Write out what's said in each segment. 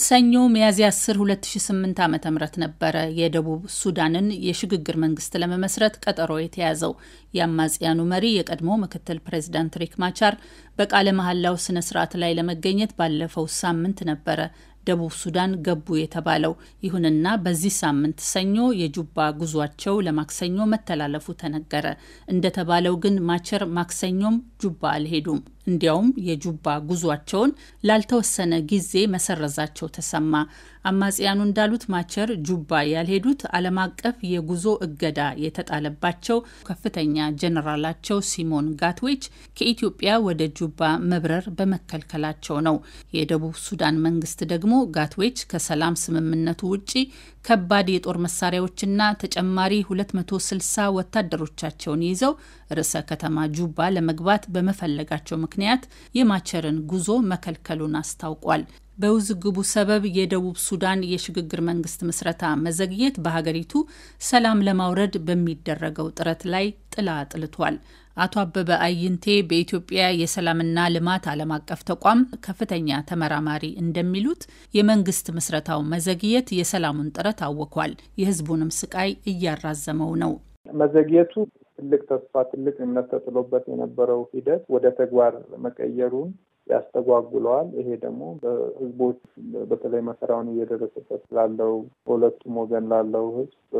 ሰኞ ሚያዝያ 10 2008 ዓ ም ነበረ የደቡብ ሱዳንን የሽግግር መንግስት ለመመስረት ቀጠሮ የተያዘው። የአማጽያኑ መሪ የቀድሞ ምክትል ፕሬዚዳንት ሪክ ማቻር በቃለ መሐላው ስነ ስርዓት ላይ ለመገኘት ባለፈው ሳምንት ነበረ ደቡብ ሱዳን ገቡ የተባለው። ይሁንና በዚህ ሳምንት ሰኞ የጁባ ጉዟቸው ለማክሰኞ መተላለፉ ተነገረ። እንደተባለው ግን ማቸር ማክሰኞም ጁባ አልሄዱም። እንዲያውም የጁባ ጉዟቸውን ላልተወሰነ ጊዜ መሰረዛቸው ተሰማ። አማጽያኑ እንዳሉት ማቸር ጁባ ያልሄዱት ዓለም አቀፍ የጉዞ እገዳ የተጣለባቸው ከፍተኛ ጀነራላቸው ሲሞን ጋትዌች ከኢትዮጵያ ወደ ጁባ መብረር በመከልከላቸው ነው። የደቡብ ሱዳን መንግስት ደግሞ ደግሞ ጋትዌች ከሰላም ስምምነቱ ውጪ ከባድ የጦር መሳሪያዎችና ተጨማሪ 260 ወታደሮቻቸውን ይዘው ርዕሰ ከተማ ጁባ ለመግባት በመፈለጋቸው ምክንያት የማቸርን ጉዞ መከልከሉን አስታውቋል። በውዝግቡ ሰበብ የደቡብ ሱዳን የሽግግር መንግስት ምስረታ መዘግየት በሀገሪቱ ሰላም ለማውረድ በሚደረገው ጥረት ላይ ጥላ አጥልቷል። አቶ አበበ አይንቴ በኢትዮጵያ የሰላምና ልማት ዓለም አቀፍ ተቋም ከፍተኛ ተመራማሪ እንደሚሉት የመንግስት ምስረታው መዘግየት የሰላሙን ጥረት አወኳል፣ የህዝቡንም ስቃይ እያራዘመው ነው። መዘግየቱ ትልቅ ተስፋ፣ ትልቅ እምነት ተጥሎበት የነበረው ሂደት ወደ ተግባር መቀየሩን ያስተጓጉለዋል። ይሄ ደግሞ በህዝቦች በተለይ መከራውን እየደረሰበት ላለው በሁለቱም ወገን ላለው ህዝብ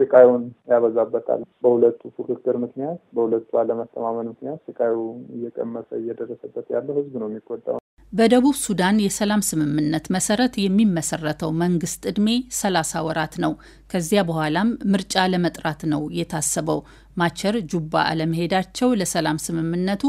ስቃዩን ያበዛበታል። በሁለቱ ፉክክር ምክንያት፣ በሁለቱ አለመተማመን ምክንያት ስቃዩ እየቀመሰ እየደረሰበት ያለው ህዝብ ነው የሚጎዳው። በደቡብ ሱዳን የሰላም ስምምነት መሰረት የሚመሰረተው መንግስት ዕድሜ ሰላሳ ወራት ነው። ከዚያ በኋላም ምርጫ ለመጥራት ነው የታሰበው። ማቸር ጁባ አለመሄዳቸው ለሰላም ስምምነቱ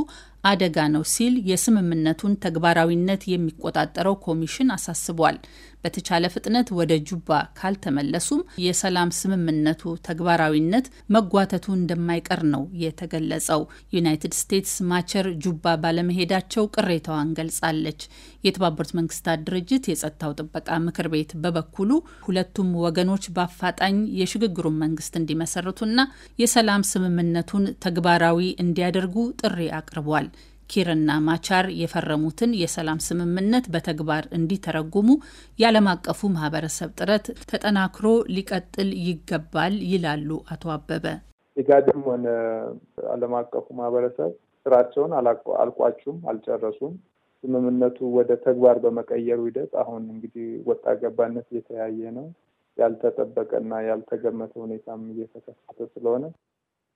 አደጋ ነው ሲል የስምምነቱን ተግባራዊነት የሚቆጣጠረው ኮሚሽን አሳስቧል። በተቻለ ፍጥነት ወደ ጁባ ካልተመለሱም የሰላም ስምምነቱ ተግባራዊነት መጓተቱ እንደማይቀር ነው የተገለጸው። ዩናይትድ ስቴትስ ማቸር ጁባ ባለመሄዳቸው ቅሬታዋን ገልጻለች። የተባበሩት መንግስታት ድርጅት የጸጥታው ጥበቃ ምክር ቤት በበኩሉ ሁለቱም ወገኖች በአፋጣኝ የሽግግሩን መንግስት እንዲመሰርቱና የሰላም ስምምነቱን ተግባራዊ እንዲያደርጉ ጥሪ አቅርቧል። ኪርና ማቻር የፈረሙትን የሰላም ስምምነት በተግባር እንዲተረጉሙ የዓለም አቀፉ ማህበረሰብ ጥረት ተጠናክሮ ሊቀጥል ይገባል ይላሉ አቶ አበበ። ኢጋድም ሆነ ዓለም አቀፉ ማህበረሰብ ስራቸውን አልቋጩም፣ አልጨረሱም። ስምምነቱ ወደ ተግባር በመቀየሩ ሂደት አሁን እንግዲህ ወጣ ገባነት እየተያየ ነው። ያልተጠበቀና ያልተገመተ ሁኔታም እየተከሰተ ስለሆነ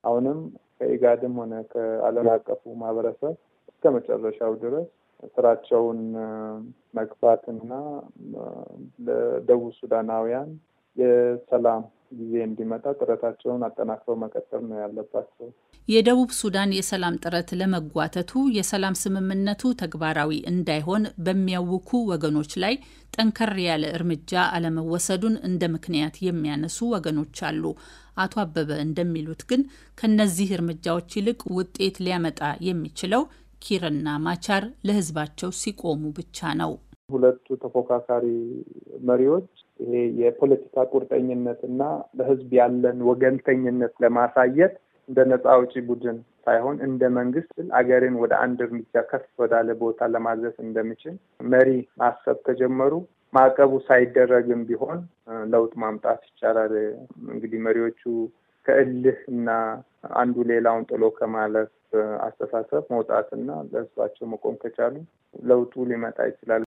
አሁንም ከኢጋድም ሆነ ከዓለም አቀፉ ማህበረሰብ እስከ መጨረሻው ድረስ ስራቸውን መግፋትና ለደቡብ ሱዳናውያን የሰላም ጊዜ እንዲመጣ ጥረታቸውን አጠናክረው መቀጠል ነው ያለባቸው። የደቡብ ሱዳን የሰላም ጥረት ለመጓተቱ የሰላም ስምምነቱ ተግባራዊ እንዳይሆን በሚያውኩ ወገኖች ላይ ጠንከር ያለ እርምጃ አለመወሰዱን እንደ ምክንያት የሚያነሱ ወገኖች አሉ። አቶ አበበ እንደሚሉት ግን ከነዚህ እርምጃዎች ይልቅ ውጤት ሊያመጣ የሚችለው ኪርና ማቻር ለህዝባቸው ሲቆሙ ብቻ ነው። ሁለቱ ተፎካካሪ መሪዎች ይሄ የፖለቲካ ቁርጠኝነት እና ለህዝብ ያለን ወገንተኝነት ለማሳየት እንደ ነፃ አውጪ ቡድን ሳይሆን እንደ መንግስት አገርን ወደ አንድ እርምጃ ከፍ ወዳለ ቦታ ለማድረስ እንደሚችል መሪ ማሰብ ከጀመሩ ማዕቀቡ ሳይደረግም ቢሆን ለውጥ ማምጣት ይቻላል። እንግዲህ መሪዎቹ ከእልህ እና አንዱ ሌላውን ጥሎ ከማለፍ አስተሳሰብ መውጣትና ለህዝባቸው መቆም ከቻሉ ለውጡ ሊመጣ ይችላል።